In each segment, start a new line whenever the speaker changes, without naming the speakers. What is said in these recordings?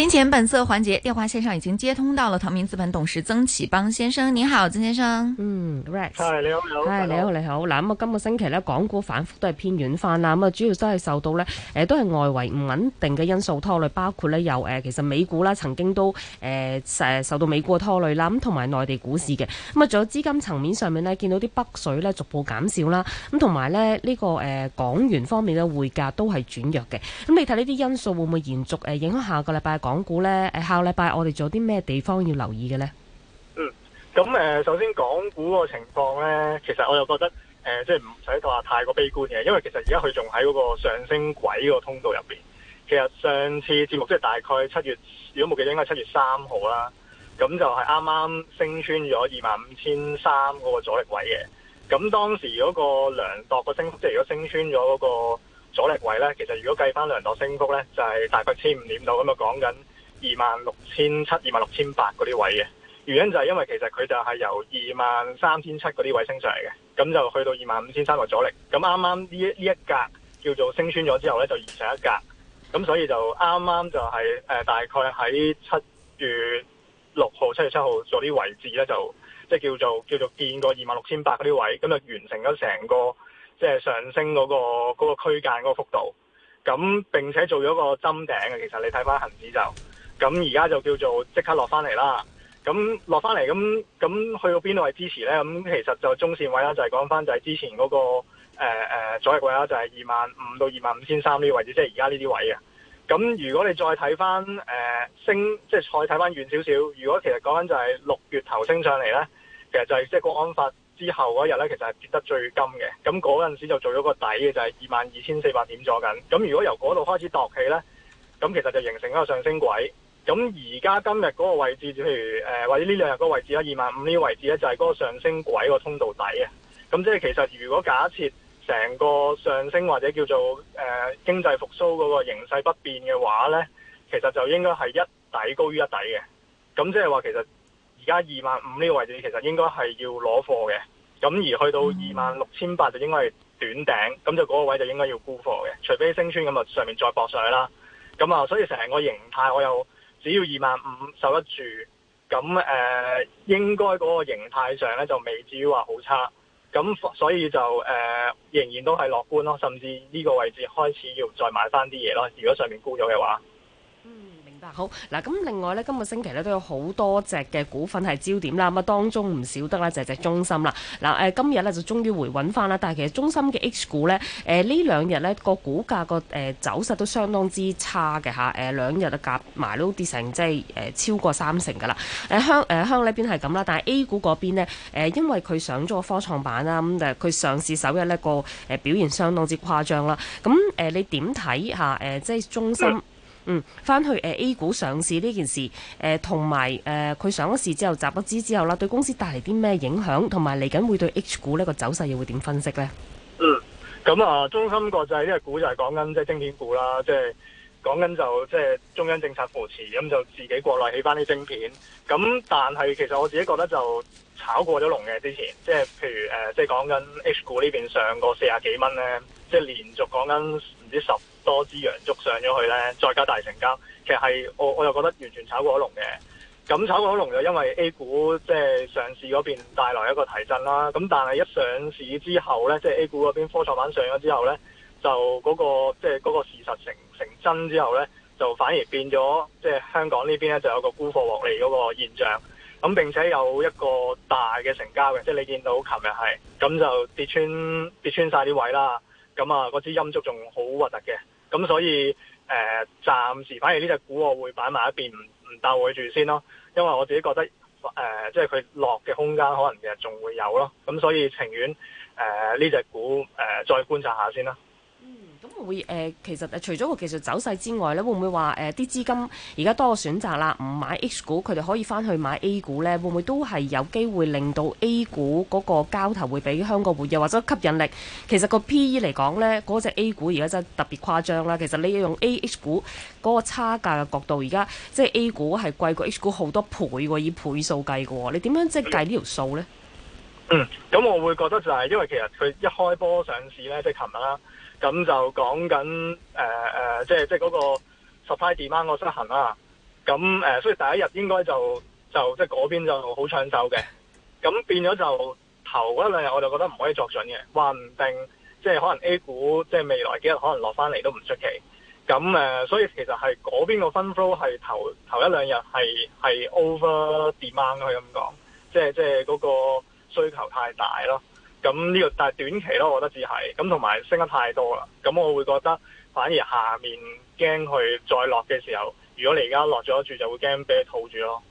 金錢本色環節，電話線上已經接通到了唐明資本董事曾啟邦先生。你好，曾先生。嗯 right。Hi, 你好，你好。Hi, 你好，你好。嗱，咁啊，今個星期呢，港股反覆都係偏軟化啦。咁啊，主要都係受到呢，誒、呃，都係外圍唔穩定嘅因素拖累，包括呢有誒、呃，其實美股啦，曾經都誒誒、呃、受到美股嘅拖累啦。咁同埋內地股市嘅，咁啊，仲有資金層面上面呢，見到啲北水呢逐步減少啦。咁同埋呢，呢、這個誒、呃、港元方面嘅匯價都係轉弱嘅。咁你睇呢啲因素會唔會延續誒影響下個禮拜港股咧，誒，下禮拜我哋仲有啲咩地方要留意嘅咧？嗯，
咁誒，首先港股個情況咧，其實我就覺得，誒、呃，即係唔使話太過悲觀嘅，因為其實而家佢仲喺嗰個上升軌個通道入邊。其實上次節目即係大概七月，如果冇記錯應該七月三號啦，咁就係啱啱升穿咗二萬五千三嗰個阻力位嘅。咁當時嗰個量度個升，即係如果升穿咗嗰、嗰個。阻力位咧，其實如果計翻兩度升幅咧，就係、是、大概千五點到咁啊，講緊二萬六千七、二萬六千八嗰啲位嘅，原因就係因為其實佢就係由二萬三千七嗰啲位升上嚟嘅，咁就去到二萬五千三為阻力，咁啱啱呢一呢一格叫做升穿咗之後咧，就移上一格，咁所以就啱啱就係、是呃、大概喺七月六號、七月七號做啲位置咧，就即係、就是、叫做叫做見過二萬六千八嗰啲位，咁就完成咗成個。即、就、係、是、上升嗰、那個嗰、那個區間嗰個幅度，咁並且做咗個針頂嘅。其實你睇翻恆指就，咁而家就叫做即刻落翻嚟啦。咁落翻嚟，咁咁去到邊度係支持咧？咁其實就中線位啦，就係、是、講翻就係之前嗰、那個誒誒、呃、左翼位啦，就係二萬五到二萬五千三呢啲位置，即係而家呢啲位嘅。咁如果你再睇翻誒升，即、就、係、是、再睇翻遠少少，如果其實講緊就係六月頭升上嚟咧，其實就係即係國安法。之後嗰日咧，其實係跌得最甘嘅，咁嗰陣時就做咗個底嘅，就係二萬二千四百點左近。咁如果由嗰度開始度起呢，咁其實就形成了一個上升軌。咁而家今日嗰個位置，譬如誒、呃、或者呢兩日嗰個位置咧，二萬五呢個位置咧，就係、是、嗰個上升軌個通道底啊。咁即係其實如果假設成個上升或者叫做誒、呃、經濟復甦嗰個形勢不變嘅話呢，其實就應該係一底高於一底嘅。咁即係話其實。而家二萬五呢個位置其實應該係要攞貨嘅，咁而去到二萬六千八就應該係短頂，咁就嗰個位就應該要沽貨嘅，除非升穿，咁啊上面再博上去啦，咁啊所以成個形態我又只要二萬五受得住，咁誒、呃、應該嗰個形態上咧就未至於話好差，咁所以就誒、呃、仍然都係樂觀咯，甚至呢個位置開始要再買翻啲嘢咯，如果上面沽咗嘅話。
好嗱，咁另外咧，今個星期咧都有好多隻嘅股份係焦點啦。咁啊，當中唔少得、就是、隻啦，呃、就係隻中芯啦。嗱，誒今日咧就終於回穩返啦。但係其實中芯嘅 H 股咧，誒、呃、呢兩日咧個股價個誒走勢都相當之差嘅嚇。誒兩日都夾埋都跌成即係誒、呃、超過三成㗎啦。誒香誒香呢邊係咁啦，但係 A 股嗰邊咧因為佢上咗個科創板啦，咁誒佢上市首日呢個誒、呃、表現相當之誇張啦。咁、啊、誒、呃、你點睇下？誒、呃、即係中芯。嗯，翻去 A 股上市呢件事，同埋誒佢上咗市之後集咗資之後啦，對公司帶嚟啲咩影響，同埋嚟緊會對 H 股呢個走勢又會點分析呢？嗯，
咁、嗯、啊，中芯國際呢個股就係講緊即係晶片股啦，即係講緊就即係中央政策扶持，咁就自己國內起翻啲晶片。咁但係其實我自己覺得就炒過咗龍嘅之前，即係譬如誒，即係講緊 H 股呢邊上過四十幾蚊呢，即係連續講緊。啲十多支陽燭上咗去呢，再加大成交，其實係我我又覺得完全炒過龍嘅。咁炒過龍就因為 A 股即係、就是、上市嗰邊帶來一個提振啦。咁但係一上市之後呢，即、就、係、是、A 股嗰邊科創板上咗之後呢，就嗰、那個即係嗰事實成成真之後呢，就反而變咗即係香港呢邊呢，就有個沽貨獲利嗰個現象。咁並且有一個大嘅成交嘅，即、就、係、是、你見到琴日係咁就跌穿跌穿晒啲位置啦。咁、嗯、啊，嗰支陰燭仲好核突嘅，咁所以誒、呃，暫時反而呢隻股我會擺埋一邊，唔唔鬥佢住先咯。因為我自己覺得誒、呃，即係佢落嘅空間可能其實仲會有咯，咁所以情願誒呢隻股誒再觀察一下先啦。
會、呃、其實除咗個技術走勢之外咧，會唔會話誒啲資金而家多個選擇啦？唔買 H 股，佢哋可以翻去買 A 股呢，會唔會都係有機會令到 A 股嗰個交投會比香港會又或者吸引力？其實個 P/E 嚟講呢嗰隻、嗰個、A 股而家真係特別誇張啦。其實你要用 A、H 股嗰個差價嘅角度，而家即係 A 股係貴過 H 股好多倍喎，以倍數計嘅喎。你點樣即係計呢條數呢？嗯，
咁我會覺得就係、是、因為其實佢一開波上市呢，即係琴日啦。咁就講緊誒即係即係嗰個 supply demand 個失衡啦、啊。咁誒、呃，所以第一日應該就就即係嗰邊就好搶手嘅。咁變咗就頭一兩日我就覺得唔可以作準嘅，話唔定即係、就是、可能 A 股即係、就是、未來幾日可能落翻嚟都唔出奇。咁誒、呃，所以其實係嗰邊個 fund flow 係頭頭一兩日係係 over demand 可以咁講，即係即係嗰個需求太大咯。咁呢個，但係短期咯，我覺得只係咁，同埋升得太多啦，咁我會覺得反而下面驚佢再落嘅時候，如果你而家落咗住，就會驚俾套住咯。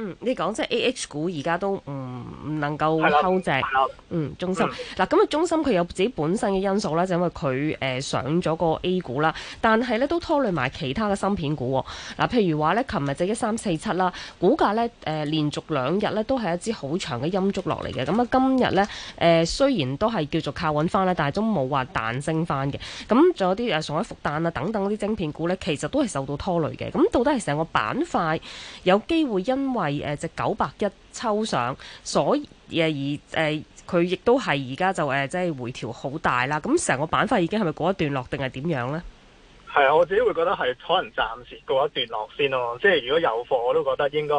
嗯，你講即係 A.H. 股而家都唔唔、嗯、能夠收正，嗯，中芯。嗱、嗯、咁、嗯、啊，中芯佢有自己本身嘅因素啦，就係、因為佢誒、呃、上咗個 A 股啦，但係咧都拖累埋其他嘅芯片股。嗱、啊，譬如話咧，琴日就一三四七啦，股價咧誒、呃、連續兩日咧都係一支好長嘅陰燭落嚟嘅。咁啊，今日咧誒雖然都係叫做靠穩翻啦，但係都冇話彈升翻嘅。咁、啊、仲有啲誒什麼復旦啊彈等等嗰啲晶片股咧，其實都係受到拖累嘅。咁、啊、到底係成個板塊有機會因為？係誒，即九百一抽上，所以而誒，佢、呃、亦都係而家就誒、呃，即係回調好大啦。咁成個板塊已經係咪過一段落，定係點樣咧？
係啊，我自己會覺得係可能暫時過一段落先咯。即係如果有貨，我都覺得應該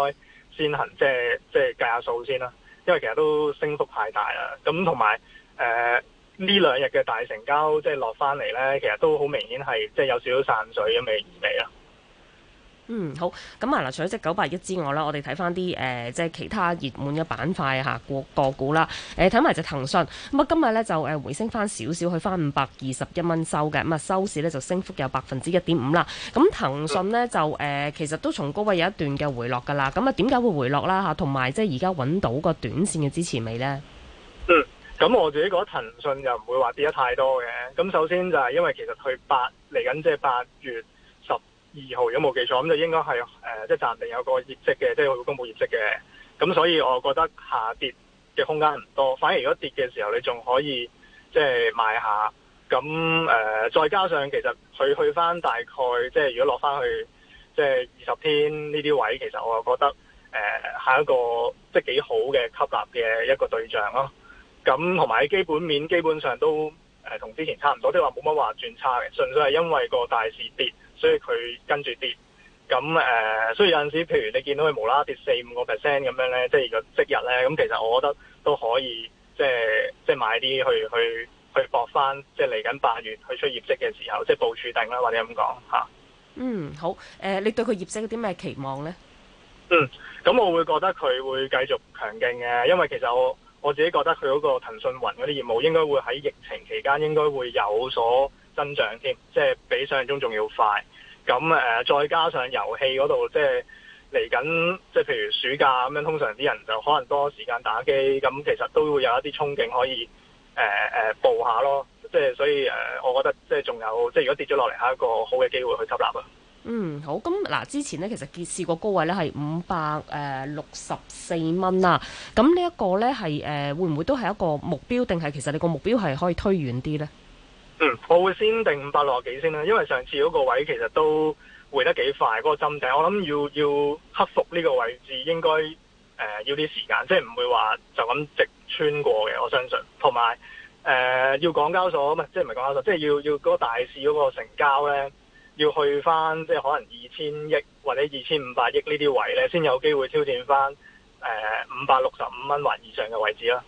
先行即係即係計下數先啦。因為其實都升幅太大啦。咁同埋誒呢兩日嘅大成交即係落翻嚟咧，其實都好明顯係即係有少少散水，咁嘅意味啦。
嗯，好。咁啊，嗱，除咗隻九百一之外啦，我哋睇翻啲即係其他熱門嘅板塊吓、啊、個股啦。睇埋隻騰訊。咁啊，今日咧就回升翻少少，去翻五百二十一蚊收嘅。咁啊，收市咧就升幅有百分之一點五啦。咁騰訊咧就、呃、其實都從高位有一段嘅回落噶啦。咁啊，點解會回落啦？吓、同埋即係而家揾到個短線嘅支持未呢？
嗯，咁我自己覺得騰訊又唔會話跌得太多嘅。咁首先就係因為其實佢八嚟緊即係八月二號，如果冇記錯，咁就應該係誒，即、呃、係、就是、暫定有個業績嘅，即係佢公布業績嘅。咁所以我覺得下跌嘅空間唔多，反而如果跌嘅時候，你仲可以即係賣下。咁誒、呃，再加上其實佢去翻大概，即、就、係、是、如果落翻去即係二十天呢啲位，其實我覺得誒係、呃、一個即係幾好嘅吸納嘅一個對象咯。咁同埋基本面基本上都誒同、呃、之前差唔多，即係話冇乜話轉差嘅，純粹係因為個大市跌。所以佢跟住跌，咁誒、呃，所以有陣時候，譬如你見到佢無啦啦跌四五個 percent 咁樣咧，即係個即日咧，咁其實我覺得都可以，即係即係買啲去去去搏翻，即係嚟緊八月去出業績嘅時候，即係部署定啦，或者咁講吓。嗯，
好，誒、呃，你對佢業績有啲咩期望咧？
嗯，咁我會覺得佢會繼續強勁嘅，因為其實我我自己覺得佢嗰個騰訊雲嗰啲業務應該會喺疫情期間應該會有所。增長添，即係比想象中仲要快。咁誒，再加上遊戲嗰度，即係嚟緊，即係譬如暑假咁樣，通常啲人就可能多時間打機。咁其實都會有一啲憧憬可以誒誒報下咯。即係所以誒，我覺得即係仲有，即係如果跌咗落嚟，係一個好嘅機會去吸納啊。嗯，
好。咁嗱，之前呢，其實試過高位咧係五百誒六十四蚊啦。咁呢一個咧係誒會唔會都係一個目標，定係其實你個目標係可以推遠啲咧？
嗯，我會先定五百六十幾先啦，因為上次嗰個位其實都回得幾快，嗰、嗰個針頂，我諗要要克服呢個位置，應該誒、呃、要啲時間，即係唔會話就咁直穿過嘅，我相信。同埋誒，要港交所唔係，即係唔係港交所，即係要要嗰個大市嗰個成交咧，要去翻即係可能二千億或者二千五百億呢啲位咧，先有機會挑戰翻誒五百六十五蚊或以上嘅位置啦。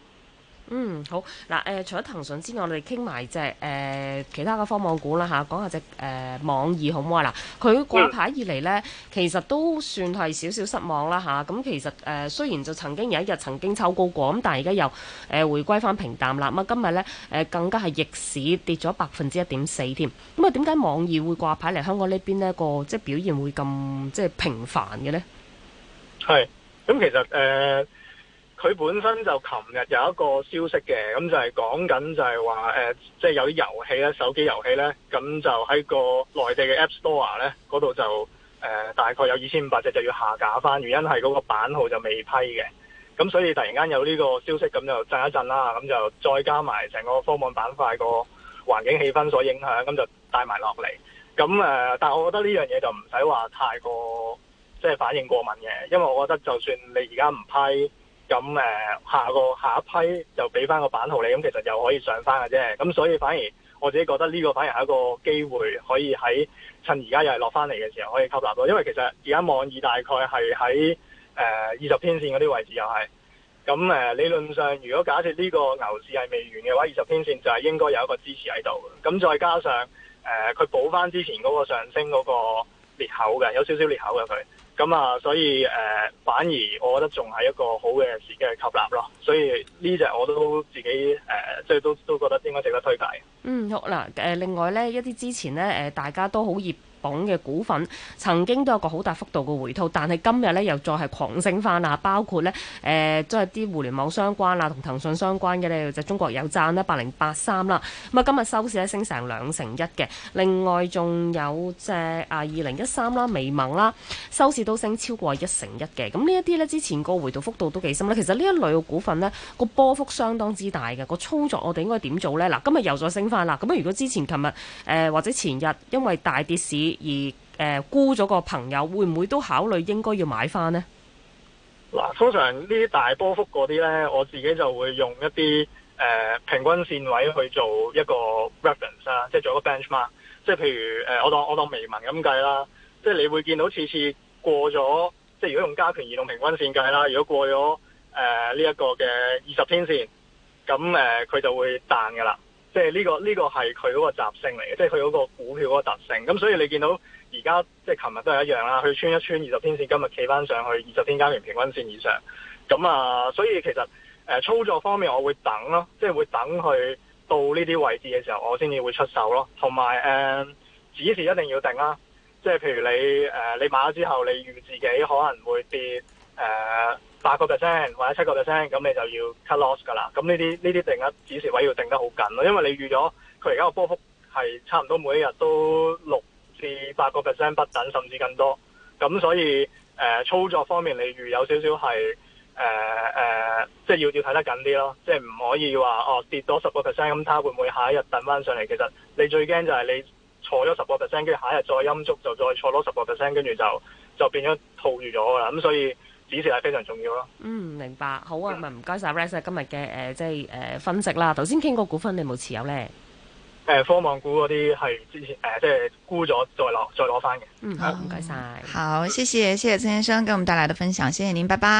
嗯，好嗱，誒、呃，除咗騰訊之外，我哋傾埋隻誒其他嘅科網股啦嚇，講下隻誒網易好唔好啊？嗱，佢掛牌以嚟呢，其實都算係少少失望啦嚇。咁、啊嗯、其實誒、呃、雖然就曾經有一日曾經抽高過，咁但而家又誒、呃、回歸翻平淡啦。咁今日呢，誒、呃、更加係逆市跌咗百分之一點四添。咁啊，點解網易會掛牌嚟香港呢邊呢？個即係表現會咁即係平凡嘅呢？
係，咁其實誒。呃佢本身就琴日有一個消息嘅，咁就係講緊就係話誒即係有啲遊戲咧，手機遊戲咧，咁就喺個內地嘅 App Store 咧嗰度就誒、呃、大概有二千五百隻就要下架翻，原因係嗰個版號就未批嘅。咁所以突然間有呢個消息，咁就震一震啦。咁就再加埋成個科網板塊個環境氣氛所影響，咁就帶埋落嚟。咁誒、呃、但我覺得呢樣嘢就唔使話太過即係、就是、反應過敏嘅，因為我覺得就算你而家唔批。咁誒下個下一批就俾翻個板號你，咁其實又可以上翻嘅啫。咁所以反而我自己覺得呢個反而係一個機會，可以喺趁而家又係落翻嚟嘅時候可以吸納到。因為其實而家網易大概係喺二十天線嗰啲位置又係，咁誒、呃、理論上如果假設呢個牛市係未完嘅話，二十天線就係應該有一個支持喺度。咁再加上佢、呃、補翻之前嗰個上升嗰、嗰個裂口嘅，有少少裂口嘅佢，咁啊、嗯，所以誒、呃、反而我覺得仲係一個好嘅時機去吸納咯。所以呢隻我都自己誒，即、呃、係都都覺得應該值得推介。嗯，
好啦誒，另外咧一啲之前咧誒大家都好熱講嘅股份曾經都有個好大幅度嘅回吐，但係今日呢又再係狂升翻啦。包括呢誒、呃，都係啲互聯網相關啦，同騰訊相關嘅呢。就中國有贊啦，八零八三啦。咁啊，今日收市升成兩成一嘅。另外仲有隻啊二零一三啦，微盟啦，收市都升超過一成一嘅。咁呢一啲呢之前個回吐幅度都幾深啦。其實呢一類嘅股份呢個波幅相當之大嘅。個操作我哋應該點做呢？嗱，今日又再升翻啦。咁啊，如果之前琴日、呃、或者前日因為大跌市，而誒、呃、沽咗個朋友，會唔會都考慮應該要買翻呢？
嗱，通常呢啲大波幅嗰啲呢，我自己就會用一啲誒、呃、平均線位去做一個 reference 啦、啊，即係做一個 benchmark。即係譬如誒、呃，我當我當微文咁計啦，即係你會見到次次過咗，即係如果用加權移動平均線計啦，如果過咗誒呢一個嘅二十天線，咁誒佢就會彈㗎啦。即係呢個呢個係佢嗰個特性嚟嘅，即係佢嗰個股票嗰個特性。咁所以你見到而家即係琴日都係一樣啦，佢穿一穿二十天線，今日企翻上去二十天加權平均線以上咁啊。所以其實、呃、操作方面，我會等咯，即係會等佢到呢啲位置嘅時候，我先至會出手咯。同埋誒指示一定要定啦，即係譬如你誒、呃、你買咗之後，你預自己可能會跌。誒八個 percent 或者七個 percent，咁你就要 cut loss 㗎啦。咁呢啲呢啲定額止蝕位要定得好緊咯，因為你預咗佢而家個波幅係差唔多每一日都六至八個 percent 不等，甚至更多。咁所以誒、uh, 操作方面，你預有少少係誒誒，uh, uh, 即係要要睇得緊啲咯。即係唔可以話哦跌咗十個 percent，咁睇下會唔會下一日等翻上嚟？其實你最驚就係你錯咗十個 percent，跟住下一日再陰足就再錯多十個 percent，跟住就就變咗套住咗㗎啦。咁所以
指示係非常重要咯。嗯，明白。好啊，咁、嗯、啊，唔該晒，Rex 今日嘅誒，即係誒分析啦。頭先傾過股份，你有冇持有咧？
誒、呃，科網股嗰啲係之前誒，即、呃、係、就是、沽咗，再攞再攞翻嘅。嗯，好，唔該
晒。好，謝謝謝謝曾先生給我們帶來的分享，謝謝您，拜拜。